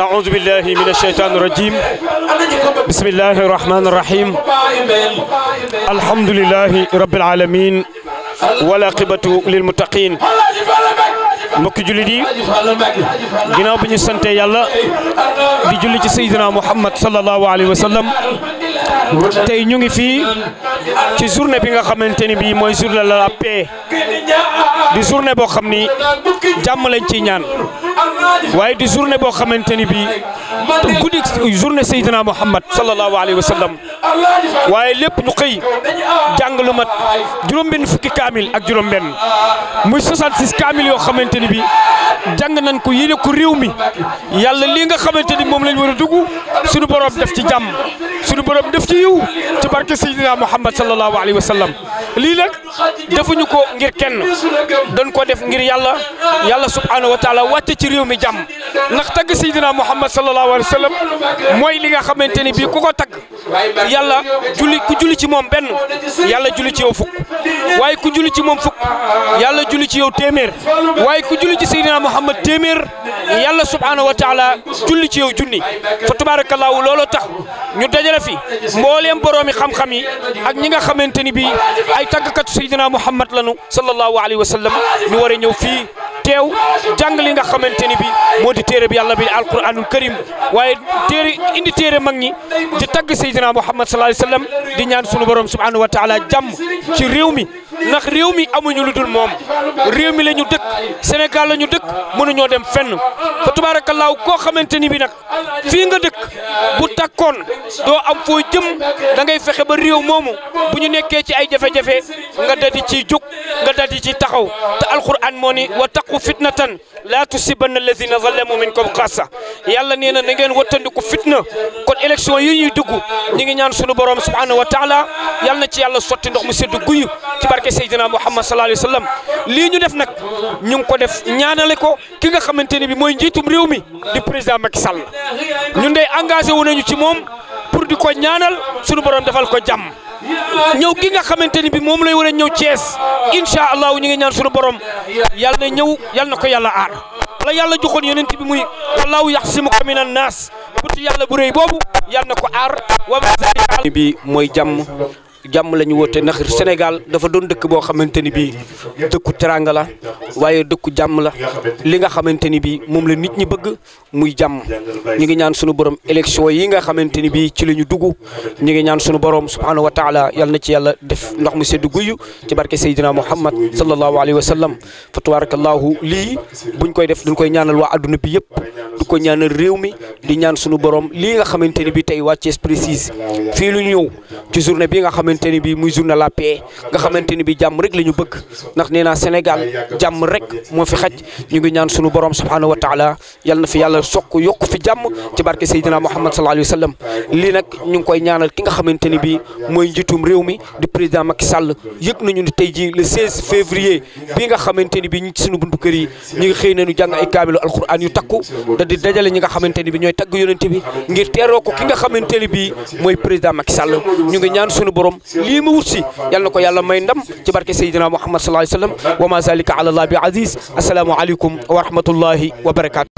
أعوذ بالله من الشيطان الرجيم بسم الله الرحمن الرحيم الحمد لله رب العالمين ولا والعاقبة للمتقين مك جليدي غيناو بني سانتي يالا دي جولي سيدنا محمد صلى الله عليه وسلم تاي نيغي في تي جورني بيغا خامتيني بي موي جورنال لا بي di journée boo xam ni jàmm lañ ciy ñaan waaye di journée boo xamante ni bii guddi journée Seydina Muhammad sallallahu alayhi wa sallam waaye lépp ñu xëy jàng lu mat juróom-benn fukki kaamil ak juróom-benn muy 66 kaamil yoo xamante ni bii jàng nañ ko yéene ko réew mi yàlla lii nga xamante ni moom lañ war a dugg suñu borom def ci jàmm suñu borom def ci yiw ci barke Seydina Muhammad sallallahu alayhi wa lii nag. defuñu ko ngir kenn dañ ko def ngir yàlla yàlla subhaanahu wa taala wàcce ci réew mi jàmm ndax tagg Seydina Muhammad sallallahu alayhi wa sallam mooy li nga xamante ni bii ku ko tagg yàlla julli ku julli ci moom benn yàlla julli ci yow fukk waaye ku julli ci moom fukk yàlla julli ci yow téeméer waaye ku julli ci Seydina Muhammad téeméer yàlla subhaanahu wa taala julli ci yaw junni fa tabaarakallaahu looloo tax ñu dajale fi mbooleem boroomi xam-xam yi ak ñi nga Seydina Muhammad lanu sallallahu alayhi wa sallam ñu war ñëw fii teew jàng li nga xamante ni bi moo di téere bi yàlla bi alquranul karim waaye téere indi téere mag ñi di tagg Seydina Muhammad sallallahu alayhi wa sallam di ñaan sunu borom subhanahu wa taala jàmm ci réew mi ndax réew mi amuñu luddul mom moom réew mi lañu dëkk Sénégal lañu dëkk mënu ñoo dem fenn fa tabarakallah ko xamanteni bi nak fi nga dëkk bu takkon do am fo jëm da ngay fexe ba réew moomu bu ñu nekkee ci ay jafe-jafe nga dadi ci juk nga dadi ci taxaw ta alquran moo ni wa taqu fitnatan la tusibanna alladhina zalamu minkum qasa yàlla neena na na ngeen wattandiku fitna kon élection yi ñuy dugg ñi ngi ñaan sunu borom subhanahu wa taala yàlla na ci yàlla soti ndox mu seddu guyu ci barke barke Seydina Muhammad sallallahu alayhi wa sallam lii ñu def nag ñu ngi ko def ñaanale ko ki nga xamante ne bi mooy njiitum réew mi di président Macky Sall ñun dey engagé wu nañu ci moom pour di ko ñaanal suñu borom defal ko jàmm ñëw gi nga xamante ni bi moom lay war a ñëw cees incha allahu ñu ngi ñaan suñu borom yàlla na ñëw yàlla na ko yàlla aar la yàlla joxoon yonent bi muy wallahu yaxsimuka min an naas buti yàlla bu boobu yàlla na ko aar wa bi mooy jàmm jàmm la ñu woote ndax Sénégal dafa doon dëkk boo xamante ni bii dëkku teranga la waaye dëkku jàmm la li nga xamante ni bii moom la nit ñi bëgg muy jàmm ñu ngi ñaan sunu borom élection yi nga xamante ni bii ci lañu ñu dugg ñu ngi ñaan sunu borom subhaanahu wa taala yal na ci yàlla def ndox mu sedd guyu ci barke Seydina Muhammad sallallahu alayhi wa sallam fa tabarakallahu lii bu buñ koy def duñ koy ñaanal waa àdduna bi yëpp du ko ñaanal réew mi di ñaan sunu borom lii xamante ni bii tey waa Thiès xamante ni bii muy journée la paix nga xamante ni bii jàmm rek la ñu bëgg ndax nee naa Sénégal jàmm rek moo fi xaj ñu ngi ñaan sunu borom subhaanahu wa taala yal na fi yàlla sokk yokk fi jàmm ci barke Seydina Muhammad sallallahu alayhi wa sallam lii nag ñu ngi koy ñaanal ki nga xamante ni mooy njiitum réew mi di président Macky Sall yëg nañu ni tey jii le 16 février bi nga xamante bi ñooy tagg yonente lii ma wut si yal na ko yàlla may ndam ci barke Seydina Muhammad sallallahu alayhi wa sallam wa ma zalika ala allah bi aziz asalaamu aleykum wa rahmatullahi wa barakaatu